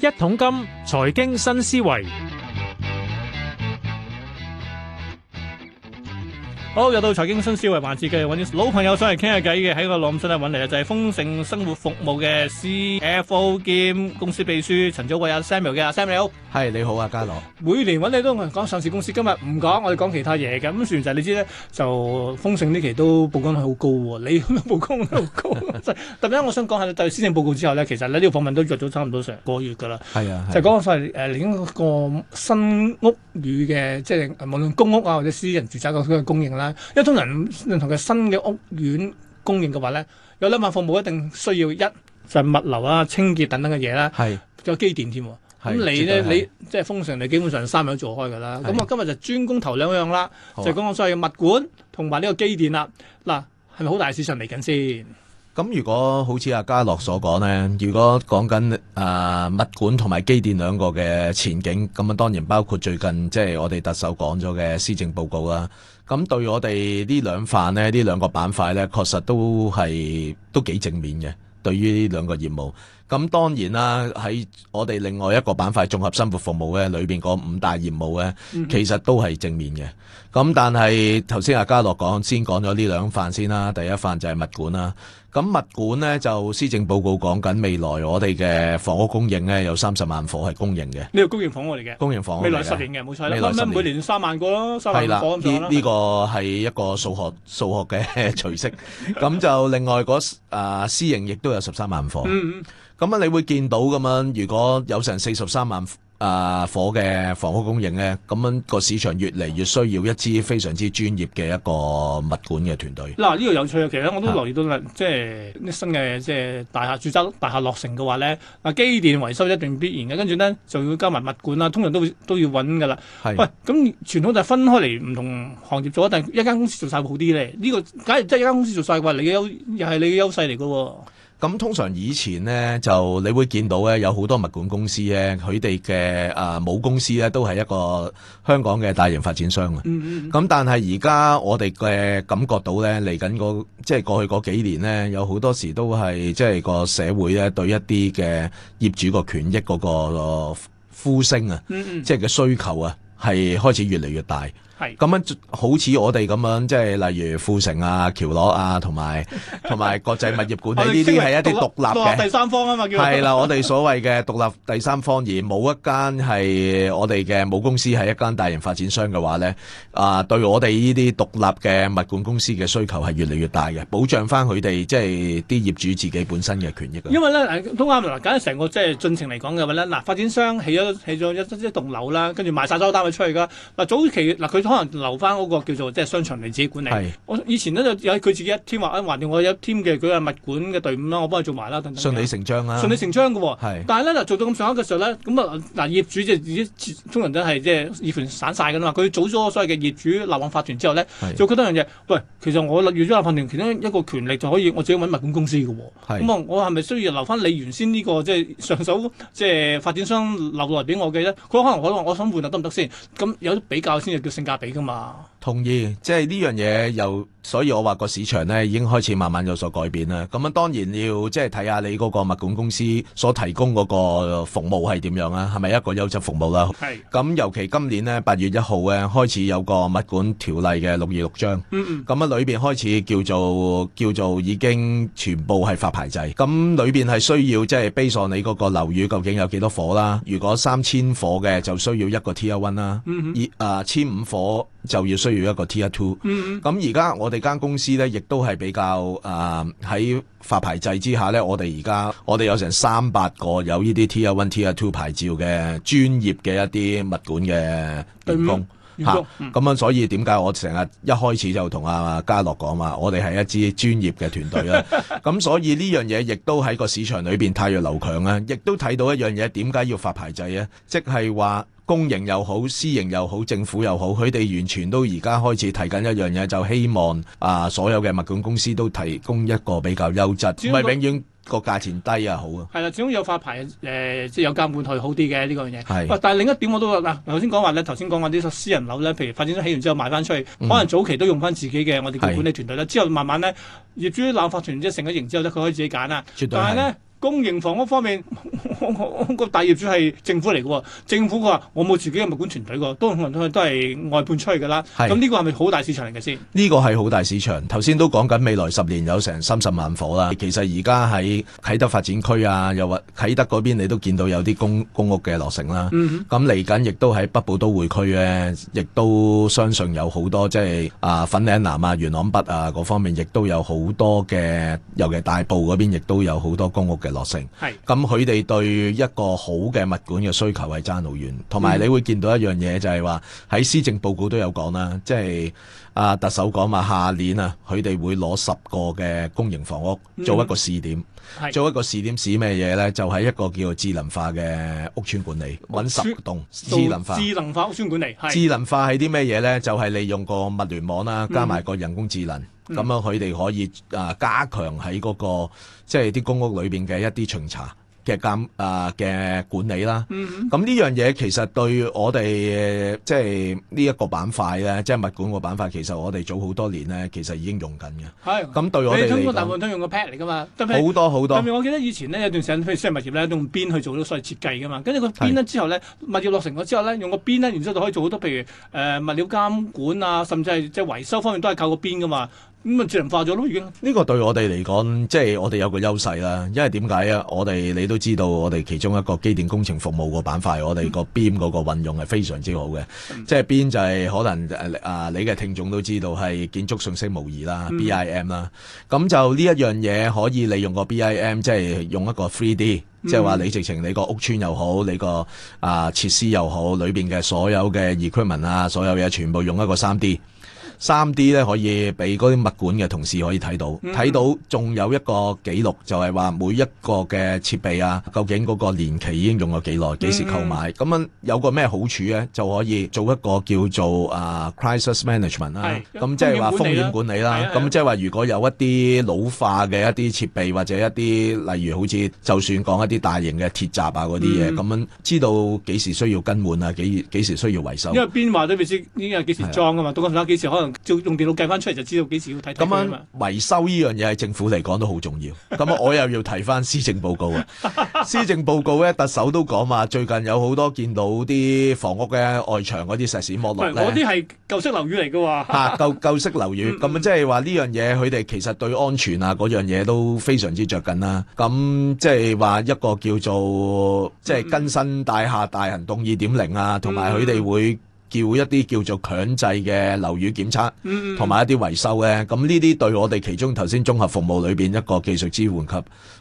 一桶金，財經新思維。好，又到財經新思維環節，繼續揾啲老朋友上嚟傾下偈嘅，喺個羅姆室度揾嚟就係豐盛生活服務嘅 CFO 兼公司秘書陳祖偉啊，Samuel 嘅啊，Samuel，係你好啊，嘉樂。每年揾你都講上市公司，今日唔講，我哋講其他嘢嘅咁，其實你知咧，就豐盛呢期都曝光率好高喎、哦，你曝光都好高、哦，特別 我想講下，對施政報告之後呢。其實咧呢個訪問都約咗差唔多成個月噶啦，係啊，就講所誒呢個新屋宇嘅，即係無論公屋啊或者私人住宅嗰個供應啦。一通人同佢新嘅屋苑供應嘅話咧，有兩份服務一定需要一就係、是、物流啊、清潔等等嘅嘢啦，係是有機電添。咁是你咧你即係豐盛你基本上三樣做開噶啦。咁我是、嗯、今日就專攻頭兩樣啦，啊、就講講所謂嘅物管同埋呢個機電啦。嗱，係咪好大市場嚟緊先？咁如果好似阿嘉樂所講呢，如果講緊啊物管同埋機電兩個嘅前景，咁啊當然包括最近即係我哋特首講咗嘅施政報告啦、啊。咁對我哋呢兩範呢，呢兩個板塊呢，確實都係都幾正面嘅。對於呢兩個業務，咁當然啦、啊，喺我哋另外一個板塊綜合生活服務呢裏邊嗰五大業務呢，其實都係正面嘅。咁但係頭先阿嘉樂講先講咗呢兩範先啦，第一範就係物管啦、啊。咁物管咧，就施政報告講緊未來我哋嘅房屋供應咧，有三十萬伙係供應嘅，呢個供應房屋嚟嘅，供應房屋未來十年嘅冇錯啦。咁啊每年三萬個咯，三萬個咁樣啦。呢呢個係一個數學數學嘅除式，咁就另外嗰啊私營亦都有十三萬伙。嗯嗯，咁啊你會見到咁樣，如果有成四十三萬。啊！火嘅房屋供應咧，咁樣個市場越嚟越需要一支非常之專業嘅一個物管嘅團隊。嗱、啊，呢、呢個有趣嘅，其實我都留意到啦、啊，即係新嘅即係大廈住宅，大廈落成嘅話咧，啊機電維修一定必然嘅，跟住咧就要加埋物管啦，通常都都要揾噶啦。係喂是，咁、啊、傳統就係分開嚟唔同行業做，但係一間公司做晒好啲咧。呢、呢個假如真係一間公司做晒嘅話，你優又係你嘅優，優勢嚟嘅喎。咁通常以前呢，就，你會見到咧有好多物管公司咧，佢哋嘅啊母公司咧都係一個香港嘅大型發展商嘅。咁、嗯嗯、但係而家我哋嘅感覺到咧，嚟緊嗰即係過去嗰幾年咧，有好多時都係即係個社會咧對一啲嘅業主個權益嗰個呼聲啊，嗯嗯即係嘅需求啊，係開始越嚟越大。係咁樣，好似我哋咁樣，即係例如富城啊、橋樑啊，同埋同埋國際物業管理呢啲係一啲獨立嘅第三方啊嘛叫係啦，我哋所謂嘅獨立第三方，啊， 三方而冇一間係我哋嘅母公司係一間大型發展商嘅話咧，啊對我哋呢啲獨立嘅物管公司嘅需求係越嚟越大嘅，保障翻佢哋即係啲業主自己本身嘅權益。因為咧通都啱嗱，梗成個即係進程嚟講嘅話咧，嗱發展商起咗起咗一一棟樓啦，跟住賣晒所有單位出去噶嗱，早期嗱佢。可能留翻嗰個叫做即係商場嚟自己管理。是我以前咧有佢自己一 team，話誒，橫掂我一 team 嘅佢嘅物管嘅隊伍啦，我幫佢做埋啦。等等順理成章啊！順理成章嘅喎、哦。是但係咧做到咁上級嘅時候咧，咁啊嗱業主就自、是、己通常都係即係業權散晒嘅啦嘛。佢組咗所謂嘅業主立案法團之後咧，是就覺得一樣嘢，喂，其實我業咗立案法團其中一個權力就可以我自己揾物管公司嘅喎、哦。咁是我係咪需要留翻你原先呢、這個即係、就是、上手即係、就是、發展商留落嚟俾我嘅咧？佢可能我話我想換啊，得唔得先？咁有比較先就叫性格。俾噶嘛？同意，即係呢樣嘢又，所以我話個市場咧已經開始慢慢有所改變啦。咁樣當然要即係睇下你嗰個物管公司所提供嗰個服務係點樣啦，係咪一個優質服務啦？係。咁尤其今年咧八月一號咧開始有個物管條例嘅，六二六章，咁啊裏邊開始叫做叫做已經全部係發牌制。咁裏邊係需要即係 base on 你嗰個樓宇究竟有幾多火啦，如果三千火嘅就需要一個 T1 啦，二啊千五火。就要需要一個 Tier Two，咁而、mm hmm. 家我哋間公司呢，亦都係比較誒喺、呃、發牌制之下呢，我哋而家我哋有成三百個有呢啲 Tier One、Tier Two 牌照嘅專業嘅一啲物管嘅員工咁樣、mm hmm. mm hmm. 啊、所以點解我成日一開始就同阿嘉樂講嘛，我哋係一支專業嘅團隊啦、啊，咁 所以呢樣嘢亦都喺個市場裏邊汰弱留強啦、啊，亦都睇到一樣嘢，點解要發牌制啊？即係話。公營又好，私營又好，政府又好，佢哋完全都而家開始提緊一樣嘢，就希望啊所有嘅物管公司都提供一個比較優質，唔係永遠個價錢低啊好啊。係啦，始終有發牌誒、呃，即係有監管係好啲嘅呢個嘢。係是，但係另一點我都話啦，頭先講話咧，頭先講話啲私人樓咧，譬如發展商起完之後賣翻出去，可能早期都用翻自己嘅我哋嘅管理團隊啦，的之後慢慢咧業主立案法團即係成咗型之後咧，佢可以自己揀啦。但絕對係。公營房屋方面，個大業主係政府嚟嘅喎。政府佢話：我冇自己嘅物管團隊嘅，都可能都係外判出嚟嘅啦。咁呢個係咪好大市場嚟嘅先？呢個係好大市場。頭先都講緊未來十年有成三十萬夥啦。其實而家喺啟德發展區啊，又或啟德嗰邊，你都見到有啲公公屋嘅落成啦。咁嚟緊亦都喺北部都會區咧，亦都相信有好多即係啊粉嶺南啊、元朗北啊嗰方面，亦都有好多嘅，尤其大埔嗰邊亦都有好多公屋嘅。落成，咁佢哋對一個好嘅物管嘅需求係爭好遠。同埋你會見到一樣嘢就係話喺施政報告都有講啦，即係啊特首講話，下年啊佢哋會攞十個嘅公營房屋做一個試點。嗯嗯是做一個試點試咩嘢呢？就係、是、一個叫做智能化嘅屋村管理，揾十村棟智能化。智能化屋村管理，智能化係啲咩嘢呢？就係、是、利用個物聯網啦，加埋個人工智能，咁、嗯、樣佢哋可以啊加強喺嗰、那個即係啲公屋裏邊嘅一啲巡查。嘅監誒嘅、呃、管理啦，咁呢、嗯嗯、樣嘢其實對我哋、呃、即係呢一個板塊咧，即係物管個板塊，其實我哋早好多年咧，其實已經用緊嘅。係的，咁對我哋大部分都用個 pad 嚟㗎嘛，好多好多。特別我記得以前呢，有段時間，譬如商業物業咧，用邊去做咗所謂設計噶嘛。跟住個邊咧之後咧，的物業落成咗之後咧，用個邊咧，然之後就可以做好多，譬如誒、呃、物料監管啊，甚至係即係維修方面都係靠個邊噶嘛。咁啊，智能化咗咯，已經。呢個對我哋嚟講，即係我哋有個優勢啦。因為點解啊？我哋你都知道，我哋其中一個機電工程服務個板塊，我哋個 BIM 嗰個運用係非常之好嘅。嗯、即係 BIM 就係可能啊、呃，你嘅聽眾都知道係建築信息模擬啦，BIM 啦。咁、嗯、就呢一樣嘢可以利用個 BIM，即係用一個 three D，嗯、即係話你直情你個屋村又好，你個啊設施又好，裏邊嘅所有嘅 equipment 啊，所有嘢全部用一個三 D。三 D 咧可以俾嗰啲物管嘅同事可以睇到，睇到仲有一個記錄，就係話每一個嘅設備啊，究竟嗰個年期已經用咗幾耐，幾時購買，咁樣有個咩好處咧？就可以做一個叫做啊 crisis management 啦，咁即係話風險管理啦，咁即係話如果有一啲老化嘅一啲設備或者一啲例如好似就算講一啲大型嘅鐵閘啊嗰啲嘢，咁樣知道幾時需要更換啊，幾幾時需要維修。因為邊話都未知應該幾時裝啊嘛，到嗰陣時幾時可能？就用電腦計翻出嚟就知道幾時要睇。咁啊，維修呢樣嘢喺政府嚟講都好重要。咁啊，我又要提翻施政報告啊。 施政報告咧，特首都講嘛，最近有好多見到啲房屋嘅外牆嗰啲石屎剝落。唔，嗰啲係舊式樓宇嚟㗎喎。吓、 啊，舊、舊式樓宇，咁即係話呢樣嘢，佢哋其實對安全啊嗰樣嘢都非常之着緊啦。咁即係話一個叫做即係、就是、更新大廈大，大行動二點零啊，同埋佢哋會。叫一啲叫做強制嘅樓宇檢測，同埋一啲維修咧。咁呢啲對我哋其中頭先綜合服務裏邊一個技術支援及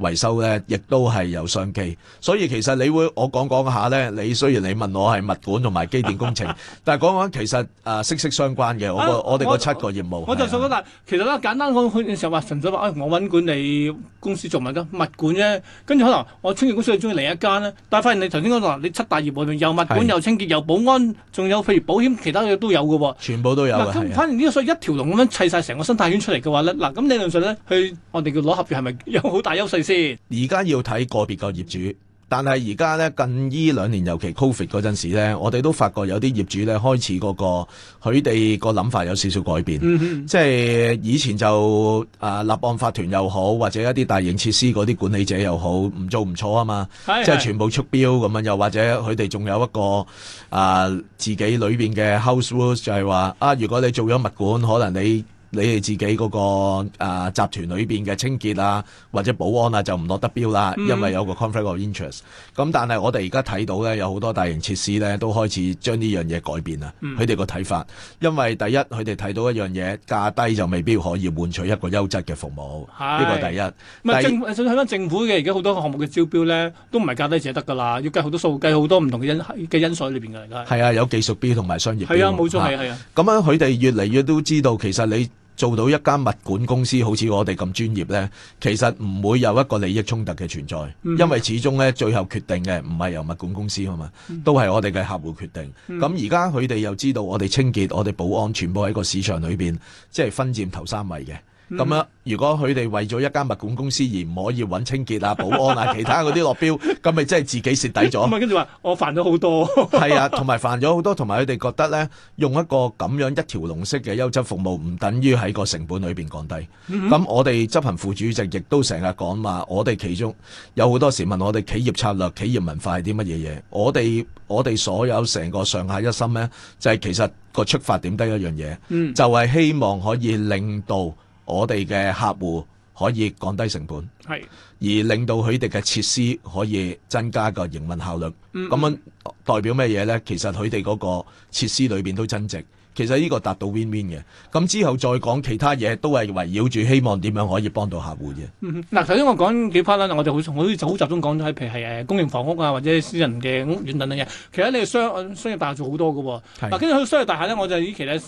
維修咧，亦都係有商機。所以其實你會我講講下咧，你雖然你問我係物管同埋機電工程，但係講講其實誒息息相關嘅。我個我哋個七個業務，我就想講啦，其實咧簡單講佢嘅時候話，純粹話我揾管理公司做咪得物管啫。跟住可能我清潔公司又中意另一間咧，但係發現你頭先嗰度你七大業務裏邊又物管又清潔又保安仲有。譬如保險，其他嘢都有嘅喎、哦，全部都有嘅。咁、啊，反而呢個所以一條龍咁樣砌晒成個生態圈出嚟嘅話咧，嗱、啊，咁理論上咧，去我哋叫攞合約係咪有好大優勢先？而家要睇個別個業主。但係而家咧，近呢兩年，尤其 Covid 嗰陣時咧，我哋都發覺有啲業主咧開始嗰、那個佢哋個諗法有少少改變，mm hmm。即係以前就啊、呃、立案法團又好，或者一啲大型設施嗰啲管理者又好，唔做唔錯啊嘛，mm hmm。即係全部出標咁樣，又或者佢哋仲有一個啊、呃、自己裏邊嘅 house rules 就係話啊，如果你做咗物管，可能你。你哋自己嗰、那個啊、呃、集團裏邊嘅清潔啊或者保安啊就唔落得標啦，因為有個 conflict of interest、嗯。咁、嗯、但係我哋而家睇到咧，有好多大型設施咧都開始將呢樣嘢改變啦。佢哋個睇法，因為第一佢哋睇到一樣嘢，價低就未必可以換取一個優質嘅服務。呢是個第一。唔係政，睇翻第政府嘅而家好多項目嘅招標咧，都唔係價低先得㗎啦，要計好多數，計好多唔同嘅因嘅因素喺裏邊㗎，而家。係啊，有技術標同埋商業標。係啊，冇錯，係係啊。咁樣佢哋越嚟越都知道其，其實你。做到一間物管公司好似我哋咁專業呢，其實唔會有一個利益衝突嘅存在，因為始終呢，最後決定嘅唔係由物管公司啊嘛，都係我哋嘅客戶決定。咁而家佢哋又知道我哋清潔、我哋保安全部喺個市場裏邊，即係分佔頭三位嘅。咁樣，如果佢哋為咗一間物管公司而唔可以揾清潔啊、保安啊、其他嗰啲落標，咁咪真係自己蝕底咗。咁啊，跟住話我煩咗好多，係啊，同埋煩咗好多，同埋佢哋覺得呢，用一個咁樣一條龍式嘅優質服務，唔等於喺個成本裏邊降低。咁我哋執行副主席亦都成日講話，我哋其中有好多時問我哋企業策略、企業文化係啲乜嘢嘢。我哋我哋所有成個上下一心呢，就係其實個出發點都一樣嘢，就係希望可以令到。我哋嘅客戶可以降低成本，係是而令到佢哋嘅設施可以增加個營運效率。咁、嗯嗯、樣代表咩嘢呢？其實佢哋嗰個設施裏邊都增值。其實呢個達到 win win 嘅，咁之後再講其他嘢都係圍繞住希望點樣可以幫到客戶啫。嗱、嗯，首先我講幾 part 啦，我就好我就好集中講咗喺譬如係誒公營房屋啊或者私人嘅屋苑等等嘢。其實你商商業大廈做好多噶喎、哦，嗱的，跟住、啊、去商業大廈咧，我就呢期咧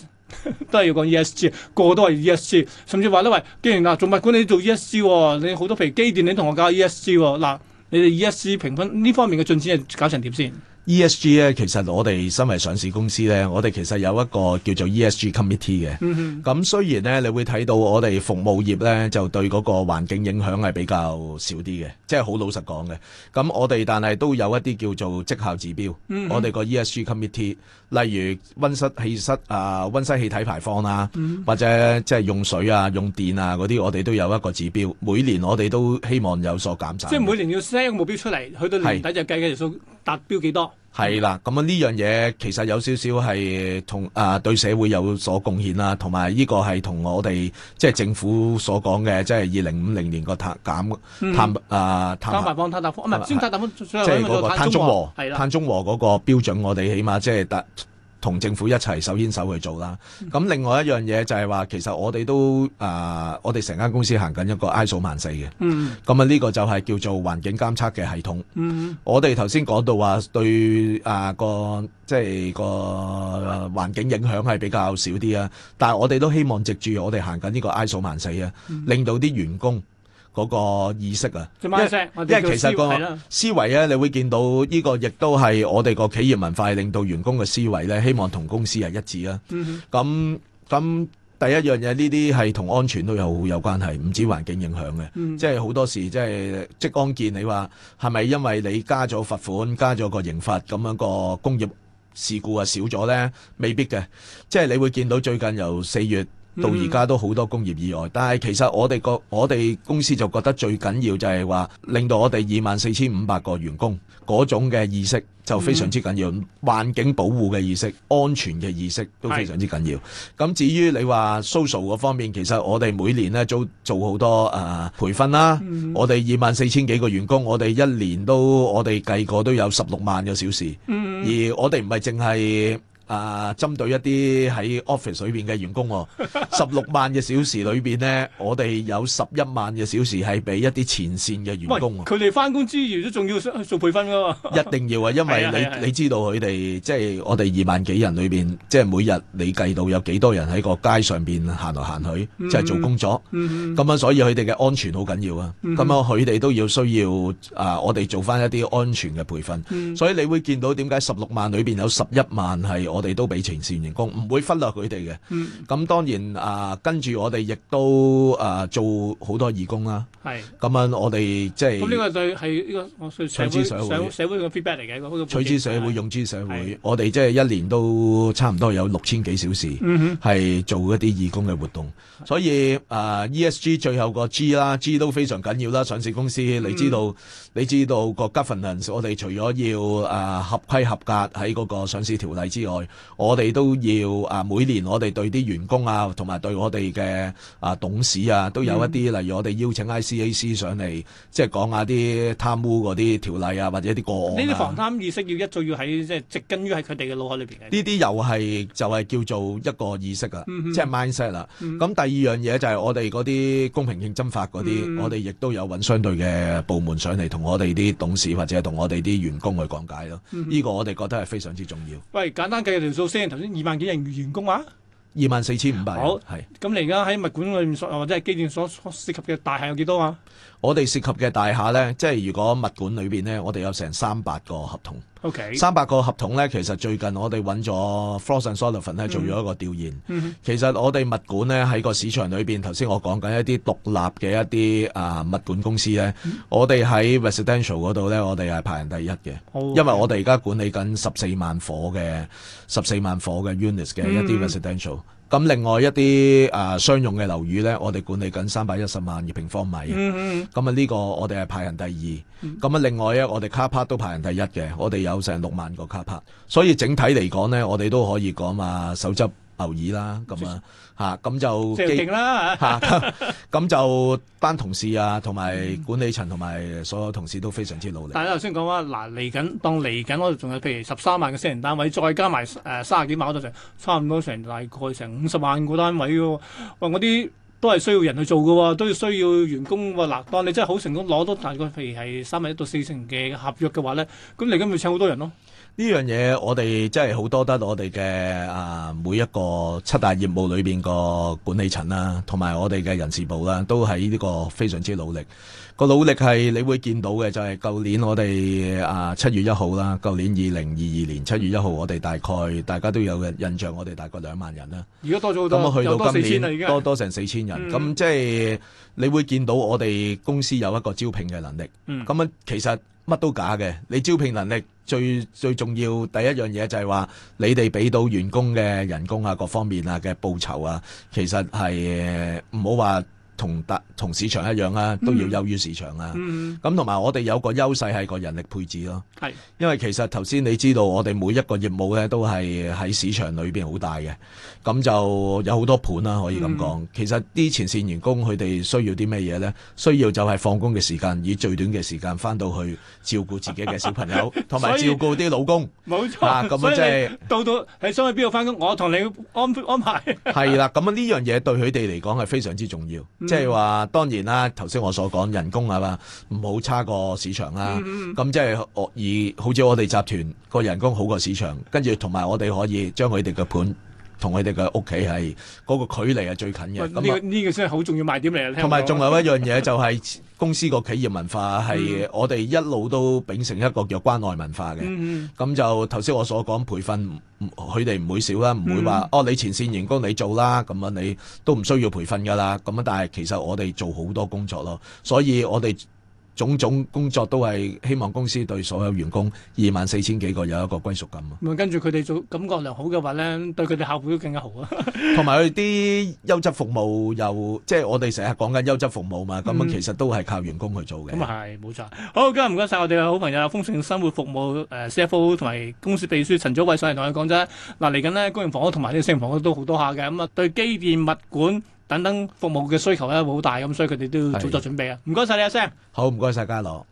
都係要講 E S G，個個都係 E S G，甚至話呢喂，既然嗱，做物管理做 E S G，、哦、你好多譬如機電你同我搞 E S G，嗱，你哋 E S G 評、哦啊、分呢方面嘅進展係搞成點先？E S G 咧，其實我哋身為上市公司咧，我哋其實有一個叫做 E S G committee 嘅。咁、嗯、哼雖然咧，你會睇到我哋服務業咧，就對嗰個環境影響係比較少啲嘅，即係好老實講嘅。咁我哋但係都有一啲叫做績效指標。嗯、哼我哋個 E S G committee，例如溫室氣室啊、溫室氣體排放啊，嗯、哼或者即係用水啊、用電啊嗰啲，我哋都有一個指標。每年我哋都希望有所減省。即係每年要 set 一個目標出嚟，去到年底就計計條達標幾多？係啦，咁啊，呢樣嘢其實有少少係同啊，對社會有所貢獻啦，同埋呢個係同我哋即係政府所講嘅，即係二零五零年個碳減碳啊，碳碳唔係即係個碳中，中和，碳中和，中和個標準我，我哋起碼即係達。嗯同政府一齊手牽手去做啦。咁另外一樣嘢就係話，其實我哋都啊、呃，我哋成間公司行緊一個 ISO 萬四嘅。咁啊、嗯，呢個就係叫做環境監測嘅系統。嗯、我哋頭先講到話對啊、呃、個即係個環境影響係比較少啲啊，但係我哋都希望藉住我哋行緊呢個 ISO 萬四啊，令到啲員工。嗰個意識啊，因為，因為其實個思維咧、啊，的你會見到呢個亦都係我哋個企業文化，令到員工嘅思維咧，希望同公司係一致啊。咁咁、嗯、哼第一樣嘢，呢啲係同安全都有有關係，唔止環境影響嘅、嗯哼，即係好多時即係即安建你話係咪因為你加咗罰款、加咗個刑罰咁樣個工業事故啊少咗咧？未必嘅，即係你會見到最近由四月。到而家都好多工業意外，但係其實我哋個我哋公司就覺得最緊要就係話令到我哋二萬四千五百個員工嗰種嘅意識就非常之緊要，嗯、環境保護嘅意識、安全嘅意識都非常之緊要。咁是至於你話 social 嗰方面，其實我哋每年呢都做好多啊、呃、培訓啦，嗯、我哋二萬四千幾個員工，我哋一年都我哋計過都有十六萬個小時，嗯、而我哋唔係淨係。啊，針對一啲喺 office 裏邊嘅員工，十六 萬嘅小時裏邊呢，我哋有十一萬嘅小時係俾一啲前線嘅員工。佢哋返工之餘都仲要做培訓㗎、啊。 一定要啊，因為你、 啊啊啊、你知道佢哋即係我哋二萬幾人裏邊，即、就、係、是、每日你計到有幾多人喺個街上邊行來行去，即、就、係、是、做工作。咁、嗯嗯、樣所以佢哋嘅安全好緊要啊。咁、嗯、樣佢哋都要需要啊，我哋做返一啲安全嘅培訓。嗯、所以你會見到點解十六萬裏邊有十一萬係我。我哋都俾前線員工，唔會忽略佢哋嘅。咁當然啊，跟住我哋亦都啊，做好多義工啦。係咁樣，我哋即係咁呢個對係呢個社會社會嘅 feedback 嚟嘅。取之社會，用之社會。我哋即係一年都差唔多有六千幾小時，係做一啲義工嘅活動。所以啊，ESG 最後個 G 啦，G 都非常緊要啦。上市公司，你知道，你知道個 governance，我哋除咗要啊合規合格喺嗰個上市條例之外。我哋都要啊，每年我哋對啲員工啊，同埋對我哋嘅啊董事啊，都有一啲，例如我哋邀請 ICAC 上嚟，即係講下啲貪污嗰啲條例啊，或者啲個案啊。呢啲防貪意識要一早要喺，即係植根於喺佢哋嘅腦海裏邊嘅。呢啲又係就係叫做一個意識噶，即係 mindset 啦。咁第二樣嘢就係我哋嗰啲公平競爭法嗰啲，我哋亦都有揾相對嘅部門上嚟，同我哋啲董事或者係同我哋啲員工去講解咯。呢個我哋覺得係非常之重要。喂，簡單嘅。嘅條數先，頭先二萬幾人員工啊，二萬四千五百人。好，係咁是你而家喺物管裏面所或者係機電所涉及嘅大廈有幾多啊？我哋涉及嘅大廈咧，即係如果物管裏邊咧，我哋有成三百個合同。三百 Okay. 個合同咧，其實最近我哋揾咗 Frost & Sullivan 咧做咗一個調研。嗯、其實我哋物管咧喺個市場裏邊，頭先我講緊一啲獨立嘅一啲啊物管公司咧、嗯，我哋喺 residential 嗰度咧，我哋係排行第一嘅。的因為我哋而家管理緊十四萬火嘅十四萬火嘅 units 嘅一啲 residential、嗯。嗯咁另外一啲誒商用嘅樓宇咧，我哋管理緊三百一十萬二平方米。咁啊呢個我哋係排行第二。咁啊、mm hmm. 另外一我哋 car park 都排行第一嘅，我哋有成六萬個 car park。所以整體嚟講咧，我哋都可以講嘛，手執。留意啦，咁以啊，嚇咁就即係啦，嚇，咁就班同事啊，同埋 管理層同埋所有同事都非常之努力。但係你頭先講話，嗱嚟緊當嚟緊，我哋仲有譬如十三萬嘅私人單位，再加埋誒卅幾萬嗰度就差唔多成大概成五十萬個單位嘅、啊、喎，喂、哎，啲都係需要人去做嘅喎，都要需要員工。喂，嗱，當你真係好成功攞到大概譬如係三萬一到四成嘅合約嘅話咧，咁嚟緊咪請好多人咯、啊。呢樣嘢我哋真係好多得我哋嘅，啊每一個七大業務裏邊個管理層啦，同埋，啊，我哋嘅人事部啦，啊，都喺呢個非常之努力。個努力係你會見到嘅，就係、是、舊年我哋啊七月一號啦，舊年二零二二年七月一號，我哋大概大家都有嘅印象，我哋大概兩萬人啦。而家多咗好多，有多四千啦，多多成四千人。咁、嗯、即係你會見到我哋公司有一個招聘嘅能力。咁啊、嗯，其實乜都假嘅。你招聘能力最最重要第一樣嘢就係話，你哋俾到員工嘅人工啊，各方面啊嘅報酬啊，其實係唔好話。呃同同市場一樣啦、啊，都要優於市場啊！咁同埋我哋有個優勢係個人力配置咯。係的，因為其實頭先你知道，我哋每一個業務咧都係喺市場裏邊好大嘅，咁就有好多盤啦、啊，可以咁講。嗯、其實啲前線員工佢哋需要啲咩嘢咧？需要就係放工嘅時間，以最短嘅時間翻到去照顧自己嘅小朋友，同埋 以照顧啲老公。冇錯。咁即係到到係想去邊度翻工，我同你安安，安排。係啦， 咁呢樣嘢對佢哋嚟講係非常之重要。 即係話當然啦，頭先我所講人工係、啊、嘛，唔好差過市場啦、啊。咁即係我以好似我哋集團個人工好過市場，跟住同埋我哋可以將佢哋嘅盤。同佢哋嘅屋企係嗰個距離係最近嘅。咁呢個先係好重要賣點嚟。同埋仲有一樣嘢 就係公司個企業文化係 我哋一路都秉承一個叫關愛文化嘅。咁 就頭先我所講培訓，佢哋唔會少啦，唔 會話 哦，你前線員工你做啦，咁樣你都唔需要培訓噶啦。咁樣但係其實我哋做好多工作咯，所以我哋。種種工作都係希望公司對所有員工二萬四千幾個有一個歸屬感啊！咁啊，跟住佢哋做感覺良好嘅話咧，對佢哋效果都更加好啊！同埋佢啲優質服務又即係我哋成日講緊優質服務嘛，咁啊其實都係靠員工去做嘅。咁啊係冇錯。好，今日唔該晒我哋嘅好朋友豐盛生活服務誒 CFO 同埋公司秘書陳祖偉，上嚟同你講啫。嗱嚟緊咧，公營房屋同埋啲私營房屋都好多客嘅，咁啊對機電物管。等等服務嘅需求咧，好大咁，所以佢哋都要早作準備啊！唔該晒你阿 Sam，好，唔該晒家樂。